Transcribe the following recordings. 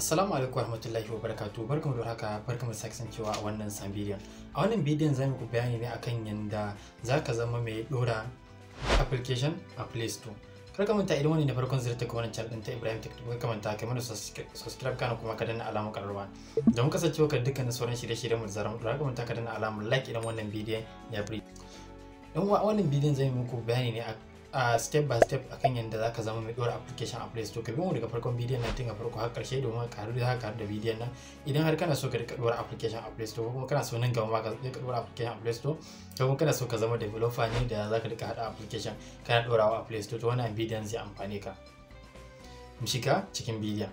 Assalamu alaikum warahmatullahi wabarakatuh barkamu da haka barkamu sake kasancewa a wannan san bidiyon. A wannan bidiyon zamu ku bayani ne akan yanda zaka zama mai dora application a Play Store. Kar ka manta idan wani na farkon zirta ka wannan channel din ta Ibrahim Tech ka manta kai mana subscribe kana kuma ka danna alamar karrawa. Don kasancewa ka dukkan sauran shirye-shiryen mu da zaran ka manta ka danna alamar like idan wannan bidiyon ya free. Don wa wannan bidiyon zamu muku bayani ne a step by step akan yadda za ka zama mai ɗora application a play store ka bi mu daga farkon bidiyon nan tun a farko har ƙarshe domin haɗu da haka da bidiyon nan idan har kana so ka rika ɗora application a play store kuma kana so nan gaba ma ka rika ɗora application a play store ko kuma kana so ka zama developer ne da za ka rika haɗa application kana ɗorawa a play store to wannan bidiyon zai amfane ka mu shiga cikin bidiyon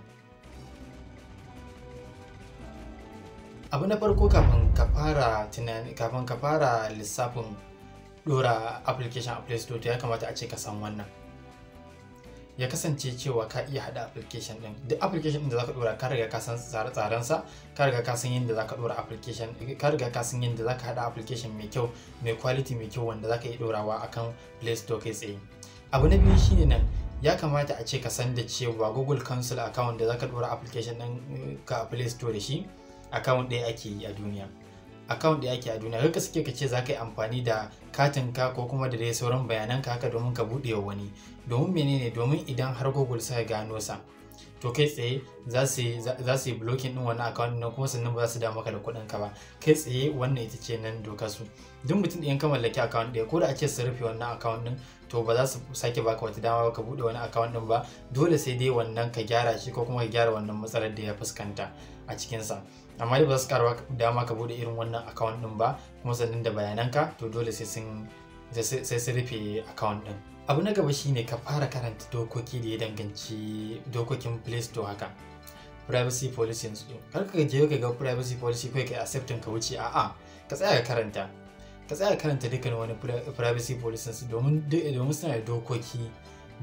abu na farko kafin ka fara tunani kafin ka fara lissafin dora application a play store to ya kamata a ce ka san wannan ya kasance cewa ka iya hada application din duk application din da zaka dora ka riga ka san tsare-tsaren sa ka riga ka san yadda zaka dora application ka riga ka san yadda zaka hada application mai kyau mai quality mai kyau wanda zaka yi dorawa akan play store kai tsaye abu na biyu shine nan ya kamata a ce ka san da cewa google console account da zaka dora application din eh, ka play store da shi account ɗaya ake yi a duniya account da yake a duniya ka suke ka ce za ka yi amfani da katinka ko kuma da dai sauran bayanan ka haka domin ka buɗe wani domin menene domin idan har google suka gano sa to kai tsaye za su yi blocking din wani account nan kuma sannan ba za su damu ka da kuɗin ka ba kai tsaye wannan ita ce nan doka su duk mutum ɗayan ka mallaki account ɗaya ko da ake su rufe wannan account din to ba za su sake baka wata dama ba ka buɗe wani account din ba dole sai dai wannan ka gyara shi ko kuma ka gyara wannan matsalar da ya fuskanta a cikin sa amma dai ba za su karwa dama ka buɗe irin wannan account din ba kuma sannan da bayananka to dole sai sun sai su rufe account din abu na gaba shine ka fara karanta dokoki da ya danganci dokokin play store haka privacy policy yanzu kar ka je ka ga privacy policy kai kai accepting ka wuce a'a ka tsaya ka karanta ka tsaya karanta dukkan wani privacy policy yanzu domin domin suna da dokoki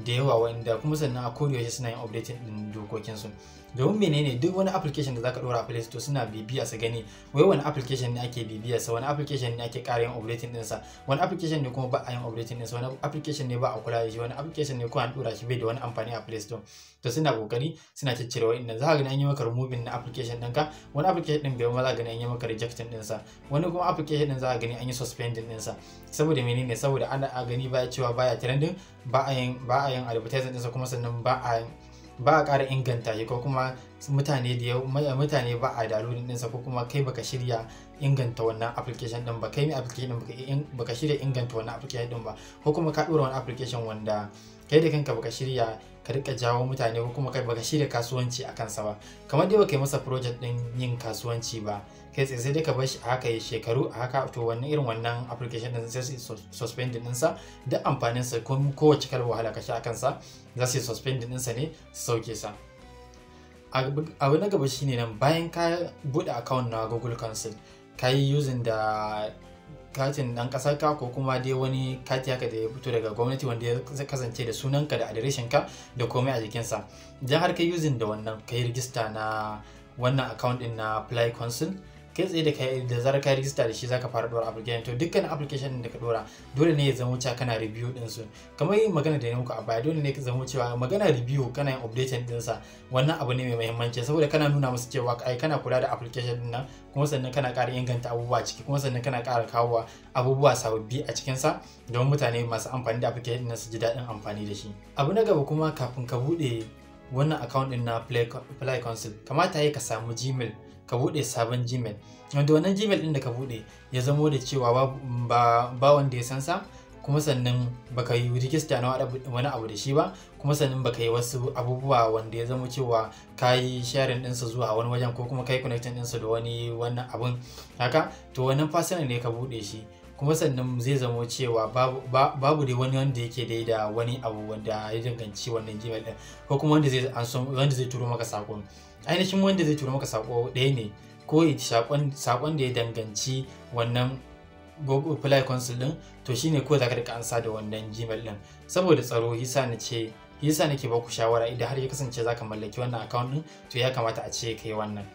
da yawa wanda kuma sannan a koda suna yin updating din dokokin su domin menene duk wani application da zaka dora a Play Store suna bibiya su gani wai wani application ne ake bibiya sa wani application ne ake ƙara yin operating din sa wani application ne kuma ba a yin operating din sa wani application ne ba a kula da shi wani application ne kuma an dora shi bai da wani amfani a Play Store to suna kokari suna ciccire wa'annan zaka gani an yi maka removing na application ɗinka wani application din bai ma zaka gani an yi maka rejecting din sa wani kuma application din zaka gani an yi suspending din sa saboda menene saboda ana gani baya cewa baya trending ba a yin ba a yin advertising din sa kuma sannan ba a yin ba a ƙara inganta shi ko kuma mutane da mutane ba a downloading ɗinsa ko kuma kai baka shirya inganta wannan application ɗin ba kai mai application ɗin baka shirya inganta wannan application ɗin ba ko kuma ka ɗora wani application wanda kai da kanka baka shirya ka rika jawo mutane ko kuma kai baka shirya kasuwanci a kansa ba kamar dai baka yi masa project din yin kasuwanci ba kai tsaye sai dai ka bar shi a haka ya shekaru a haka to wannan irin wannan application din sai su suspend din sa da amfanin sa ko kowace kalar wahala ka sha a kansa za su suspend din sa ne su sauke sa abu na gaba shine nan bayan ka bude account na Google Consult ka yi using da katin dan kasar ka ko kuma dai wani kati haka da ya fito daga gwamnati wanda ya kasance da sunan ka da adireshin ka da komai a jikinsa dan har ka yuzin da wannan ka yi na wannan account din na fly council kai tsaye da kai da zarar ka rijista da shi zaka fara dora application to dukkan application din da ka dora dole ne ya zama cewa kana review din su kamar magana da ne muku a baya dole ne ka zama cewa magana review kana yin updating din sa wannan abu ne mai muhimmanci saboda kana nuna musu cewa ai kana kula da application din nan kuma sannan kana ƙara inganta abubuwa ciki kuma sannan kana ƙara kawo abubuwa sababbi a cikin sa don mutane masu amfani da application din su ji daɗin amfani da shi abu na gaba kuma kafin ka buɗe wannan account din na play, console kamata ya ka samu gmail ka buɗe sabon gmail wanda wannan gmail ɗin da ka buɗe ya zamo da cewa ba wanda ya san sa kuma sannan baka yi rijista na wani abu da shi ba kuma sannan baka yi wasu abubuwa wanda ya zama cewa ka yi sharing ɗinsa zuwa wani wajen ko kuma ka yi connection ɗinsa da wani wannan abun haka to wannan personal ne ka buɗe shi kuma sannan zai zamo cewa babu dai wani wanda yake dai da wani abu wanda ya danganci wannan gmail ɗin ko kuma wanda zai turo maka sakon ainihin wanda zai tura maka sako ɗaya ne ko sakon da ya danganci wannan google play console din to shine ko za ka rika ansa da wannan gmail din saboda tsaro yasa na ce yasa nake baku shawara idan har ya kasance za ka mallaki wannan account din to ya kamata a ce ka kai wannan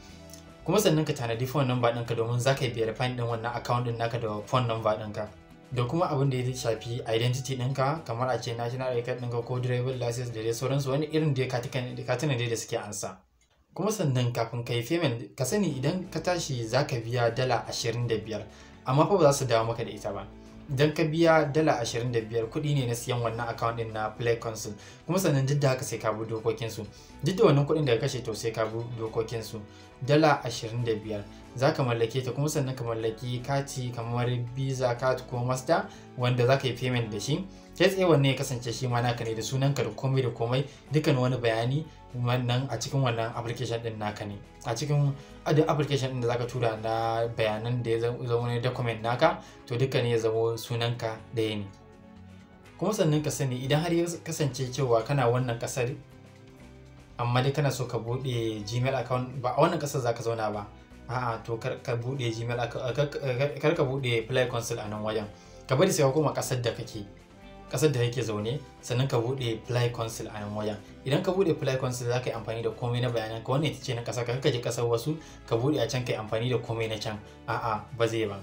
kuma sannan ka tanadi phone number ka domin za ka yi verifying din wannan account din naka da phone number ɗinka da kuma abin da ya shafi identity ɗinka kamar a ce national record card ɗinka ko driver license da dai sauransu wani irin da ya katina da suke ansa kuma sannan kafin ka yi payment ka sani idan ka tashi za ka biya dala 25 amma fa ba za su dawo maka da ita ba idan ka biya dala 25 kuɗi ne na siyan wannan account din na play console kuma sannan duk da haka sai ka bi su duk da wannan kuɗin da ka kashe to sai ka bi dokokinsu dala 25 za ka mallake ta kuma sannan ka mallaki kati kamar visa card ko master wanda za ka yi payment da shi kai tsaye wannan ya kasance shi ma naka ne da sunanka da komai da komai dukkan wani bayani wannan a cikin wannan application din naka ne a cikin adin application din da zaka tura na bayanan da ya zama ne document naka to duka ne ya zama sunanka da ne kuma sannan ka sani idan har ya kasance cewa kana wannan kasar amma dai kana so ka bude gmail account ba a wannan kasar zaka zauna ba a'a to kar ka bude gmail kar ka bude play console a nan wajen ka bari sai ka koma kasar da kake kasar da yake zaune sannan ka bude fly council a nan wajen idan ka bude fly council za ka yi amfani da komai na bayanan ka wannan ita ce na kasa ka je kasar wasu ka bude a can ka yi amfani da komai na can a'a ba zai ba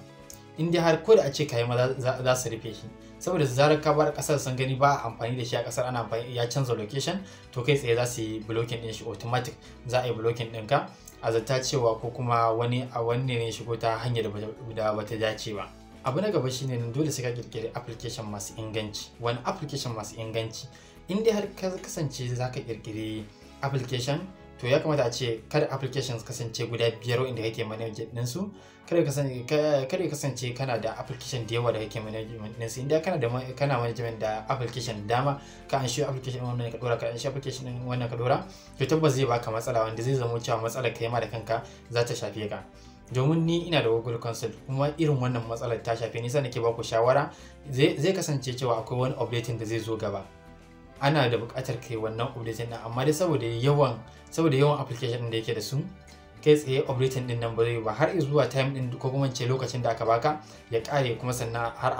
in dai har ko da a ce ka yi maza za su rufe shi saboda zarar ka bar kasar sun gani ba amfani da shi a kasar ana amfani ya canza location to kai tsaye za su yi blocking din shi automatic za a yi blocking ka a zata cewa ko kuma wani a wanne ne shigo ta hanyar da bata dace ba abu na gaba shine nan dole sai ka kirkiri application masu inganci wani application masu inganci in dai har ka kasance za ka kirkiri application to ya kamata a ce kada applications kasance guda biyar inda kake manage ɗinsu kada ka kasance kana da application da yawa da kake management su inda kana da kana management da application dama ka an shi application wannan ka dora ka an shi application wannan ka dora to tabbas zai baka matsala wanda zai zama cewa matsalar kai ma da kanka za ta shafe ka domin ni ina da google consult kuma irin wannan matsalar ta shafi nisa nake baku shawara zai kasance cewa akwai wani updating da zai zo gaba ana da buƙatar kai wannan updating din amma dai saboda yawan saboda yawan application din da yake da su kai tsaye updating din nan ba zai ba har zuwa time din ko kuma ce lokacin da aka baka ya kare kuma sannan har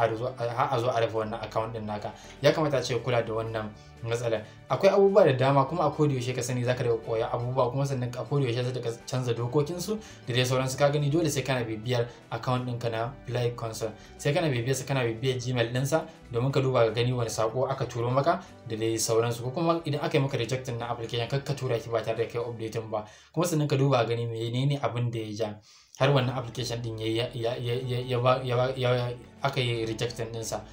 a zo a rufe wannan account din naka ya kamata a ce kula da wannan matsala akwai abubuwa da dama kuma a koda yaushe ka sani zaka daga koya abubuwa kuma sannan a koda yaushe zaka canza dokokin su da dai sauransu ka gani dole sai kana bibiyar account ɗinka na Play Console sai kana bibiyar sa kana bibiyar Gmail ɗinsa domin ka duba ka gani wani sako aka turo maka da dai sauransu ko kuma idan aka yi maka rejectin na application kar ka tura ki ba tare da kai update ba kuma sannan ka duba gani menene abin da ya ja har wannan application din ya ya ya ya ya aka yi rejectin sa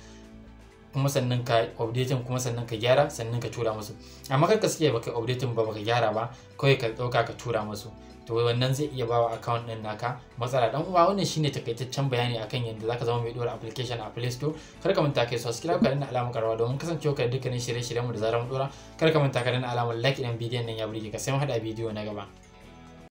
kuma sannan ka updating kuma sannan ka gyara sannan ka tura musu amma kar ka suke baka updating ba baka gyara ba kawai ka dauka ka tura musu to wannan zai iya bawa account din naka matsala dan uwa wannan shine takaitaccen bayani akan yadda zaka zama mai dora application a Play Store kar ka manta kai subscribe ka danna alamar karawa domin kasancewa ka dukkanin shirye mu da zaran mu dora kar ka manta ka danna alamar like din bidiyon nan ya burge ka sai mu hada bidiyo na gaba